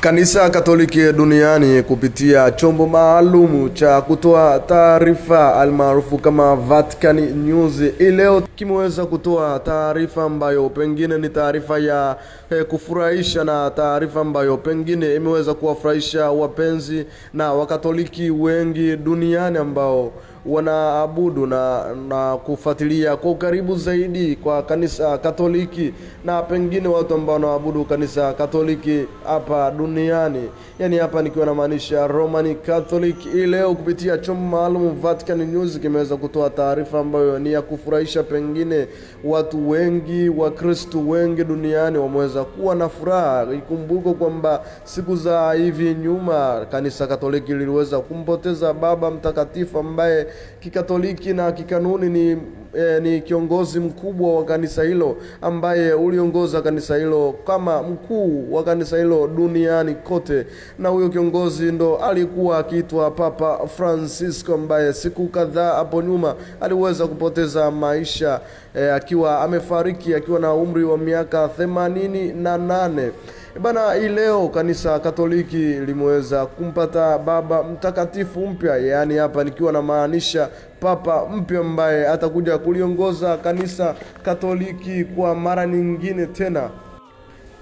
Kanisa Katoliki duniani kupitia chombo maalum cha kutoa taarifa almaarufu kama Vatican News ileo kimeweza kutoa taarifa ambayo pengine ni taarifa ya eh, kufurahisha na taarifa ambayo pengine imeweza kuwafurahisha wapenzi na Wakatoliki wengi duniani ambao wanaabudu na, na kufuatilia kwa ukaribu zaidi kwa kanisa Katoliki na pengine watu ambao wanaabudu kanisa Katoliki hapa duniani, yani hapa nikiwa namaanisha Roman Catholic. Hii leo kupitia chombo maalum Vatican News kimeweza kutoa taarifa ambayo ni ya kufurahisha. Pengine watu wengi, Wakristo wengi duniani wameweza kuwa na furaha. Ikumbuko kwamba siku za hivi nyuma kanisa Katoliki liliweza kumpoteza Baba Mtakatifu ambaye kikatoliki na kikanuni ni e, ni kiongozi mkubwa wa kanisa hilo ambaye uliongoza kanisa hilo kama mkuu wa kanisa hilo duniani kote, na huyo kiongozi ndo alikuwa akiitwa Papa Francisco ambaye siku kadhaa hapo nyuma aliweza kupoteza maisha e, akiwa amefariki akiwa na umri wa miaka themanini na nane. Eh, bana, hii leo kanisa Katoliki limeweza kumpata baba mtakatifu mpya, yaani hapa nikiwa na maanisha papa mpya ambaye atakuja kuliongoza kanisa Katoliki kwa mara nyingine tena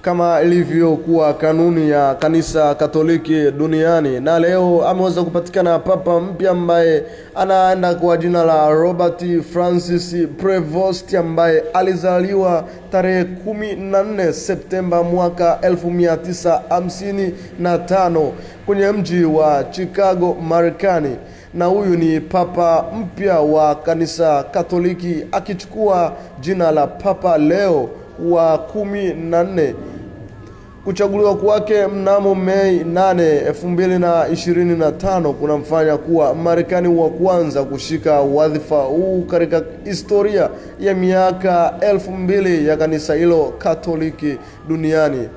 kama ilivyokuwa kanuni ya kanisa Katoliki duniani, na leo ameweza kupatikana papa mpya ambaye anaenda kwa jina la Robert Francis Prevost ambaye alizaliwa tarehe 14 Septemba mwaka 1955 kwenye mji wa Chicago, Marekani na huyu ni papa mpya wa kanisa Katoliki akichukua jina la Papa Leo wa kumi na nne. Kuchaguliwa kwake mnamo Mei 8, 2025 kunamfanya kuwa Marekani wa kwanza kushika wadhifa huu katika historia ya miaka 2000 ya kanisa hilo Katoliki duniani.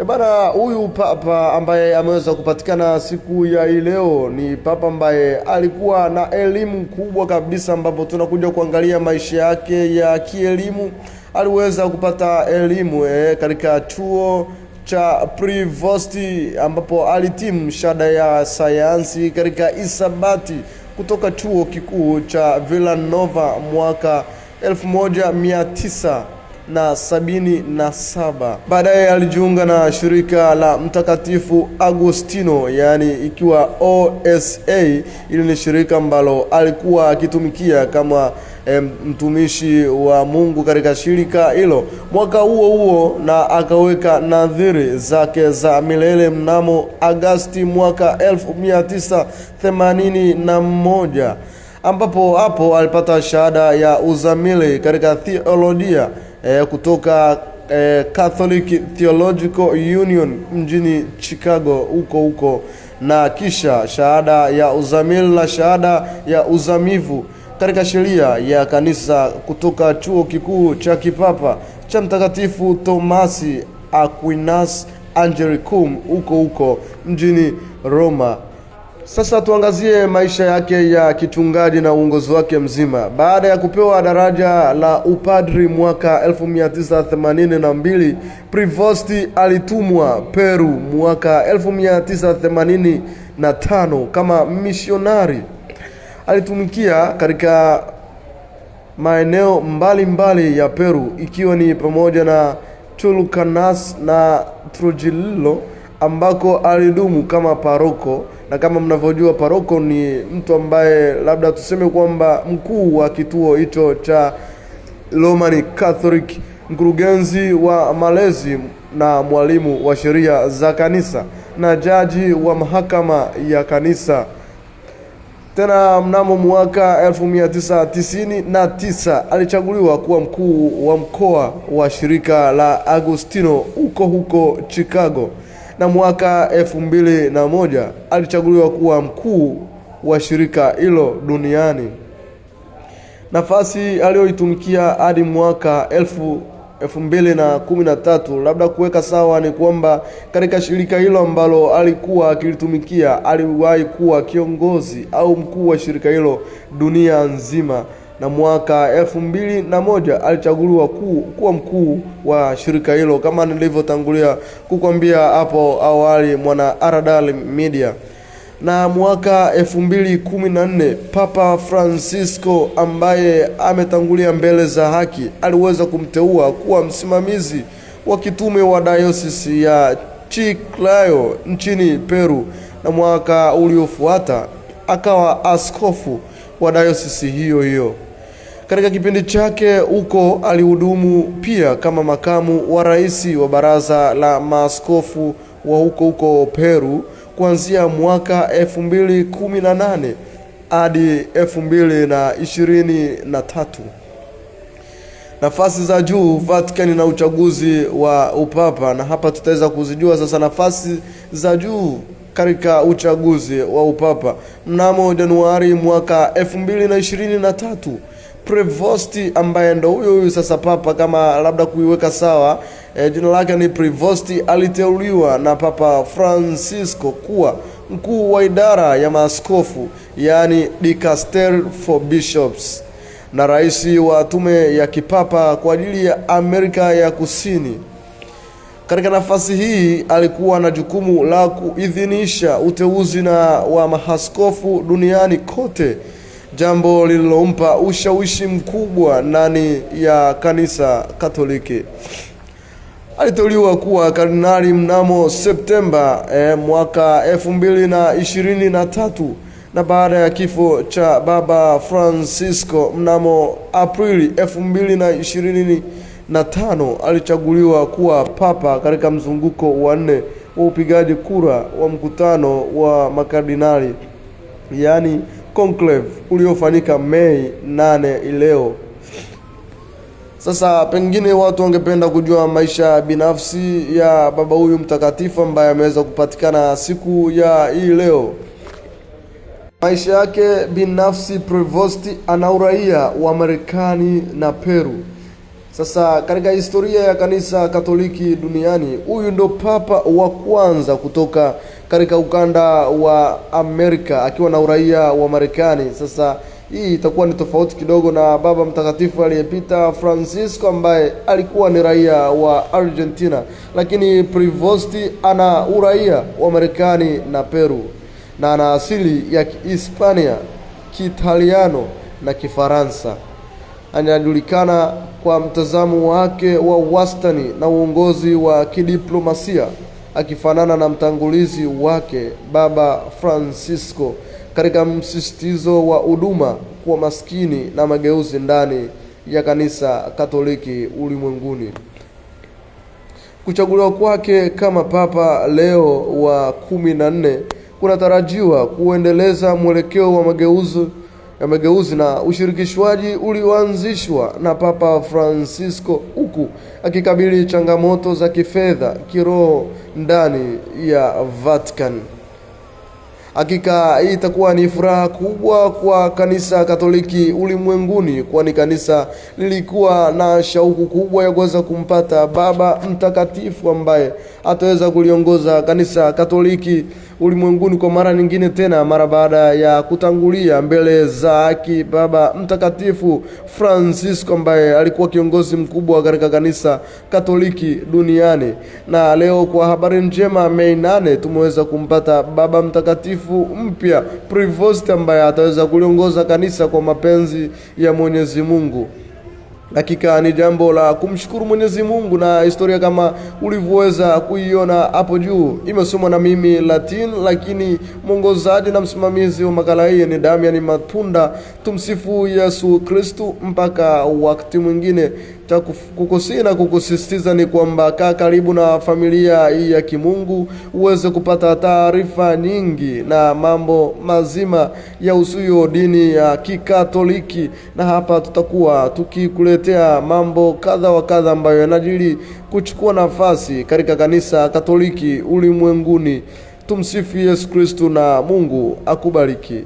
E bana, huyu papa ambaye ameweza kupatikana siku ya leo ni papa ambaye alikuwa na elimu kubwa kabisa, ambapo tunakuja kuangalia maisha yake ya kielimu. Aliweza kupata elimu eh, katika chuo cha Prevosti ambapo alitimu shada ya sayansi katika isabati kutoka chuo kikuu cha Villanova mwaka 1977. Baadaye alijiunga na shirika la Mtakatifu agostino yaani ikiwa OSA, ili ni shirika ambalo alikuwa akitumikia kama e, mtumishi wa Mungu katika shirika hilo. Mwaka huo huo na akaweka nadhiri zake za milele mnamo Agasti mwaka 1981 ambapo hapo alipata shahada ya uzamili katika theolojia e, eh, kutoka e, Catholic Theological Union mjini Chicago huko huko, na kisha shahada ya uzamili na shahada ya uzamivu katika sheria ya kanisa kutoka chuo kikuu cha kipapa cha Mtakatifu Tomasi Aquinas Angelicum huko huko mjini Roma. Sasa tuangazie maisha yake ya kichungaji na uongozi wake mzima. Baada ya kupewa daraja la upadri mwaka 1982, Prevost alitumwa Peru mwaka 1985 kama misionari alitumikia katika maeneo mbalimbali mbali ya Peru ikiwa ni pamoja na Chulcanas na Trujillo ambako alidumu kama paroko, na kama mnavyojua paroko ni mtu ambaye labda tuseme kwamba mkuu wa kituo hicho cha Roman Catholic, mkurugenzi wa malezi na mwalimu wa sheria za kanisa na jaji wa mahakama ya kanisa. Tena mnamo mwaka 1999 alichaguliwa kuwa mkuu wa mkoa wa shirika la Agostino huko huko Chicago, na mwaka 2001 alichaguliwa kuwa mkuu wa shirika hilo duniani, nafasi aliyoitumikia hadi mwaka elfu elfu mbili na kumi na tatu. Labda kuweka sawa ni kwamba katika shirika hilo ambalo alikuwa akilitumikia aliwahi kuwa kiongozi au mkuu wa shirika hilo dunia nzima, na mwaka elfu mbili na moja alichaguliwa kuwa mkuu wa shirika hilo kama nilivyotangulia kukwambia hapo awali, mwana Haradali Media na mwaka 2014 Papa Francisco ambaye ametangulia mbele za haki aliweza kumteua kuwa msimamizi wa kitume wa dayosisi ya Chiclayo nchini Peru, na mwaka uliofuata akawa askofu wa dayosisi hiyo hiyo. Katika kipindi chake huko alihudumu pia kama makamu wa rais wa baraza la maaskofu wa huko huko Peru kuanzia mwaka 2018 hadi 2023. Nafasi za juu Vatican na uchaguzi wa upapa, na hapa tutaweza kuzijua sasa nafasi za juu katika uchaguzi wa upapa. Mnamo Januari mwaka 2023, Prevost ambaye ndo huyo huyu sasa papa, kama labda kuiweka sawa e, jina lake ni Prevost, aliteuliwa na Papa Francisco kuwa mkuu wa idara ya maaskofu yaani Dicaster for Bishops na rais wa tume ya kipapa kwa ajili ya Amerika ya Kusini. Katika nafasi hii alikuwa na jukumu la kuidhinisha uteuzi na wa mahaskofu duniani kote, jambo lililompa ushawishi mkubwa ndani ya kanisa Katoliki aliteuliwa kuwa kardinali mnamo Septemba eh, mwaka elfu mbili na ishirini na tatu na baada ya kifo cha Baba Francisco mnamo Aprili elfu mbili na ishirini na tano alichaguliwa kuwa papa katika mzunguko wa nne wa upigaji kura wa mkutano wa makardinali yaani conclave uliofanyika Mei nane ileo. Sasa pengine watu wangependa kujua maisha binafsi ya baba huyu mtakatifu ambaye ameweza kupatikana siku ya hii leo. Maisha yake binafsi, Prevost ana uraia wa Marekani na Peru. Sasa katika historia ya kanisa Katoliki duniani, huyu ndo papa wa kwanza kutoka katika ukanda wa Amerika akiwa na uraia wa Marekani. Sasa hii itakuwa ni tofauti kidogo na baba mtakatifu aliyepita Francisco ambaye alikuwa ni raia wa Argentina, lakini Prevost ana uraia wa Marekani na Peru na ana asili ya Kihispania, Kiitaliano na Kifaransa. Anajulikana kwa mtazamo wake wa wastani na uongozi wa kidiplomasia, akifanana na mtangulizi wake Baba Francisco katika msisitizo wa huduma kwa maskini na mageuzi ndani ya kanisa Katoliki ulimwenguni. Kuchaguliwa kwake kama Papa Leo wa kumi na nne kunatarajiwa kuendeleza mwelekeo wa mageuzi ya mageuzi na ushirikishwaji ulioanzishwa na Papa Francisco, huku akikabili changamoto za kifedha, kiroho ndani ya Vatican. Hakika hii itakuwa ni furaha kubwa kwa kanisa Katoliki ulimwenguni, kwani kanisa lilikuwa na shauku kubwa ya kuweza kumpata Baba Mtakatifu ambaye ataweza kuliongoza kanisa Katoliki ulimwenguni kwa mara nyingine tena, mara baada ya kutangulia mbele za haki Baba Mtakatifu Francisco ambaye alikuwa kiongozi mkubwa katika kanisa Katoliki duniani. Na leo kwa habari njema, Mei nane tumeweza kumpata Baba Mtakatifu mtakatifu mpya Prevost ambaye ataweza kuliongoza kanisa kwa mapenzi ya Mwenyezi Mungu. Hakika ni jambo la kumshukuru Mwenyezi Mungu, na historia kama ulivyoweza kuiona hapo juu imesomwa na mimi Latin, lakini mwongozaji na msimamizi wa makala hii ni Damian Matunda. Tumsifu Yesu Kristu, mpaka wakati mwingine cha kukusii na kukusisitiza ni kwamba kaa karibu na familia hii ya kimungu, uweze kupata taarifa nyingi na mambo mazima ya usuyo dini ya Kikatoliki, na hapa tutakuwa tukikuletea mambo kadha wa kadha ambayo yanajili kuchukua nafasi katika kanisa Katoliki ulimwenguni. Tumsifu Yesu Kristu na Mungu akubariki.